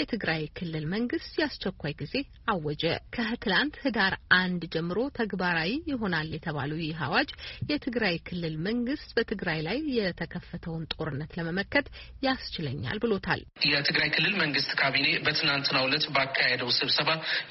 የትግራይ ክልል መንግስት የአስቸኳይ ጊዜ አወጀ። ከትላንት ህዳር አንድ ጀምሮ ተግባራዊ ይሆናል የተባለው ይህ አዋጅ የትግራይ ክልል መንግስት በትግራይ ላይ የተከፈተውን ጦርነት ለመመከት ያስችለኛል ብሎታል። የትግራይ ክልል መንግስት ካቢኔ በትናንትናው ዕለት ባካሄደው ስብሰባ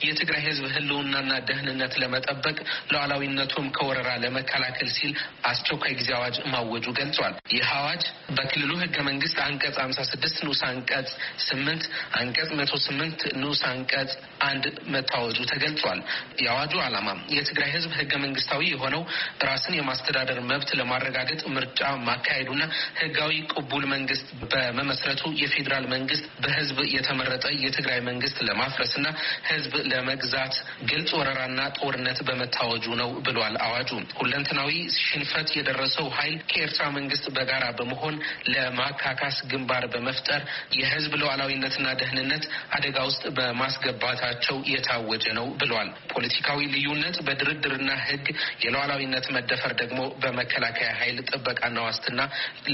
የትግራይ ህዝብ ህልውናና ደህንነት ለመጠበቅ ሉዓላዊነቱም ከወረራ ለመከላከል ሲል አስቸኳይ ጊዜ አዋጅ ማወጁ ገልጿል። ይህ አዋጅ በክልሉ ህገ መንግስት አንቀጽ ሀምሳ ስድስት ንዑስ አንቀጽ ስምንት አንቀ አንቀጽ መቶ ስምንት ንዑስ አንቀጽ አንድ መታወጁ ተገልጿል። የአዋጁ ዓላማ የትግራይ ህዝብ ህገ መንግስታዊ የሆነው ራስን የማስተዳደር መብት ለማረጋገጥ ምርጫ ማካሄዱና ህጋዊ ቅቡል መንግስት በመመስረቱ የፌዴራል መንግስት በህዝብ የተመረጠ የትግራይ መንግስት ለማፍረስና ህዝብ ለመግዛት ግልጽ ወረራና ጦርነት በመታወጁ ነው ብሏል። አዋጁ ሁለንተናዊ ሽንፈት የደረሰው ኃይል ከኤርትራ መንግስት በጋራ በመሆን ለማካካስ ግንባር በመፍጠር የህዝብ ሉዓላዊነትና ደህንነት ደህንነት አደጋ ውስጥ በማስገባታቸው የታወጀ ነው ብሏል። ፖለቲካዊ ልዩነት በድርድርና ህግ የሉዓላዊነት መደፈር ደግሞ በመከላከያ ኃይል ጥበቃና ዋስትና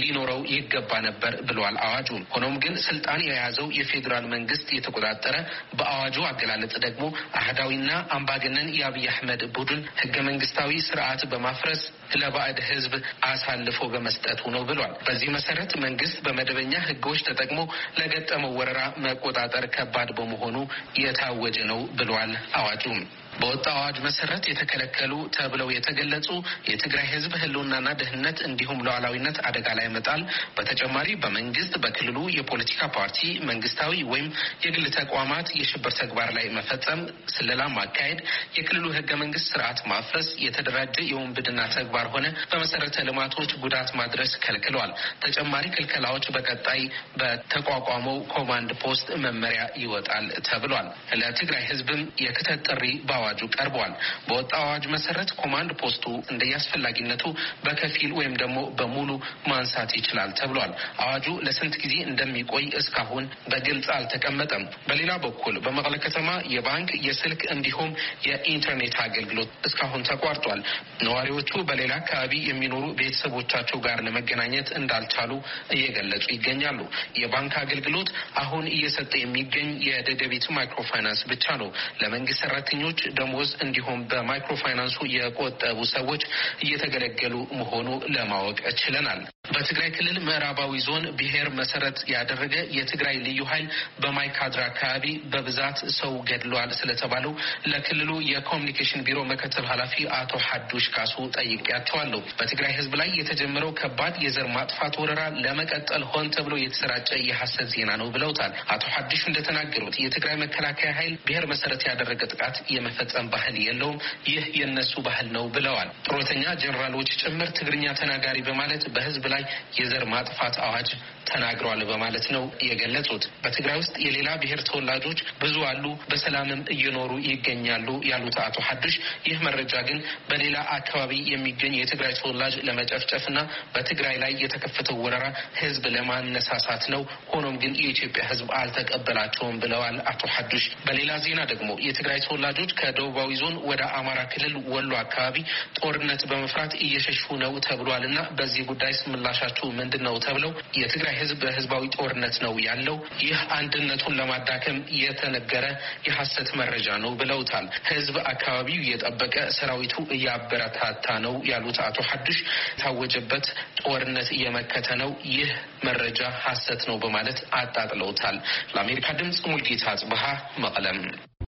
ሊኖረው ይገባ ነበር ብሏል አዋጁ። ሆኖም ግን ስልጣን የያዘው የፌዴራል መንግስት የተቆጣጠረ በአዋጁ አገላለጽ ደግሞ አህዳዊና አምባገነን የአብይ አህመድ ቡድን ህገ መንግስታዊ ስርዓት በማፍረስ ለባዕድ ህዝብ አሳልፎ በመስጠቱ ነው ብሏል። በዚህ መሰረት መንግስት በመደበኛ ህጎች ተጠቅሞ ለገጠመው ወረራ መቆጣ መቆጣጠር ከባድ በመሆኑ የታወጀ ነው ብሏል አዋጁም። በወጣው አዋጅ መሰረት የተከለከሉ ተብለው የተገለጹ የትግራይ ህዝብ ህልውናና ደህንነት እንዲሁም ሉዓላዊነት አደጋ ላይ መጣል፣ በተጨማሪ በመንግስት በክልሉ የፖለቲካ ፓርቲ መንግስታዊ ወይም የግል ተቋማት የሽብር ተግባር ላይ መፈጸም፣ ስለላ ማካሄድ፣ የክልሉ ህገ መንግስት ስርዓት ማፍረስ፣ የተደራጀ የወንብድና ተግባር ሆነ በመሰረተ ልማቶች ጉዳት ማድረስ ከልክለዋል። ተጨማሪ ክልከላዎች በቀጣይ በተቋቋመው ኮማንድ ፖስት መመሪያ ይወጣል ተብሏል። ለትግራይ ህዝብም የክተት ጥሪ አዋጁ ቀርበዋል። በወጣው አዋጅ መሰረት ኮማንድ ፖስቱ እንደየአስፈላጊነቱ በከፊል ወይም ደግሞ በሙሉ ማንሳት ይችላል ተብሏል። አዋጁ ለስንት ጊዜ እንደሚቆይ እስካሁን በግልጽ አልተቀመጠም። በሌላ በኩል በመቀለ ከተማ የባንክ የስልክ እንዲሁም የኢንተርኔት አገልግሎት እስካሁን ተቋርጧል። ነዋሪዎቹ በሌላ አካባቢ የሚኖሩ ቤተሰቦቻቸው ጋር ለመገናኘት እንዳልቻሉ እየገለጹ ይገኛሉ። የባንክ አገልግሎት አሁን እየሰጠ የሚገኝ የደደቢት ማይክሮፋይናንስ ብቻ ነው። ለመንግስት ሰራተኞች ደሞዝ እንዲሁም በማይክሮ ፋይናንሱ የቆጠቡ ሰዎች እየተገለገሉ መሆኑ ለማወቅ ችለናል። በትግራይ ክልል ምዕራባዊ ዞን ብሔር መሰረት ያደረገ የትግራይ ልዩ ኃይል በማይካድራ አካባቢ በብዛት ሰው ገድሏል ስለተባለው ለክልሉ የኮሚኒኬሽን ቢሮ ምክትል ኃላፊ አቶ ሀዱሽ ካሱ ጠይቄያቸዋለሁ። በትግራይ ህዝብ ላይ የተጀመረው ከባድ የዘር ማጥፋት ወረራ ለመቀጠል ሆን ተብሎ የተሰራጨ የሐሰት ዜና ነው ብለውታል። አቶ ሀዱሽ እንደተናገሩት የትግራይ መከላከያ ኃይል ብሔር መሰረት ያደረገ ጥቃት የመፈጸም ባህል የለውም። ይህ የነሱ ባህል ነው ብለዋል። ጡረተኛ ጀኔራሎች ጭምር ትግርኛ ተናጋሪ በማለት በህዝብ ላይ የዘር ማጥፋት አዋጅ ተናግሯል በማለት ነው የገለጹት። በትግራይ ውስጥ የሌላ ብሔር ተወላጆች ብዙ አሉ፣ በሰላምም እየኖሩ ይገኛሉ ያሉት አቶ ሀዱሽ ይህ መረጃ ግን በሌላ አካባቢ የሚገኝ የትግራይ ተወላጅ ለመጨፍጨፍና በትግራይ ላይ የተከፈተው ወረራ ህዝብ ለማነሳሳት ነው። ሆኖም ግን የኢትዮጵያ ህዝብ አልተቀበላቸውም ብለዋል አቶ ሀዱሽ። በሌላ ዜና ደግሞ የትግራይ ተወላጆች ከደቡባዊ ዞን ወደ አማራ ክልል ወሎ አካባቢ ጦርነት በመፍራት እየሸሹ ነው ተብሏልና በዚህ ጉዳይ ስምላ ምላሻችሁ ምንድን ነው ተብለው የትግራይ ህዝብ በህዝባዊ ጦርነት ነው ያለው፣ ይህ አንድነቱን ለማዳከም የተነገረ የሀሰት መረጃ ነው ብለውታል። ህዝብ አካባቢው እየጠበቀ ሰራዊቱ እያበረታታ ነው ያሉት አቶ ሀዱሽ የታወጀበት ጦርነት እየመከተ ነው፣ ይህ መረጃ ሀሰት ነው በማለት አጣጥለውታል። ለአሜሪካ ድምጽ ሙልጌታ አጽብሃ መቀለም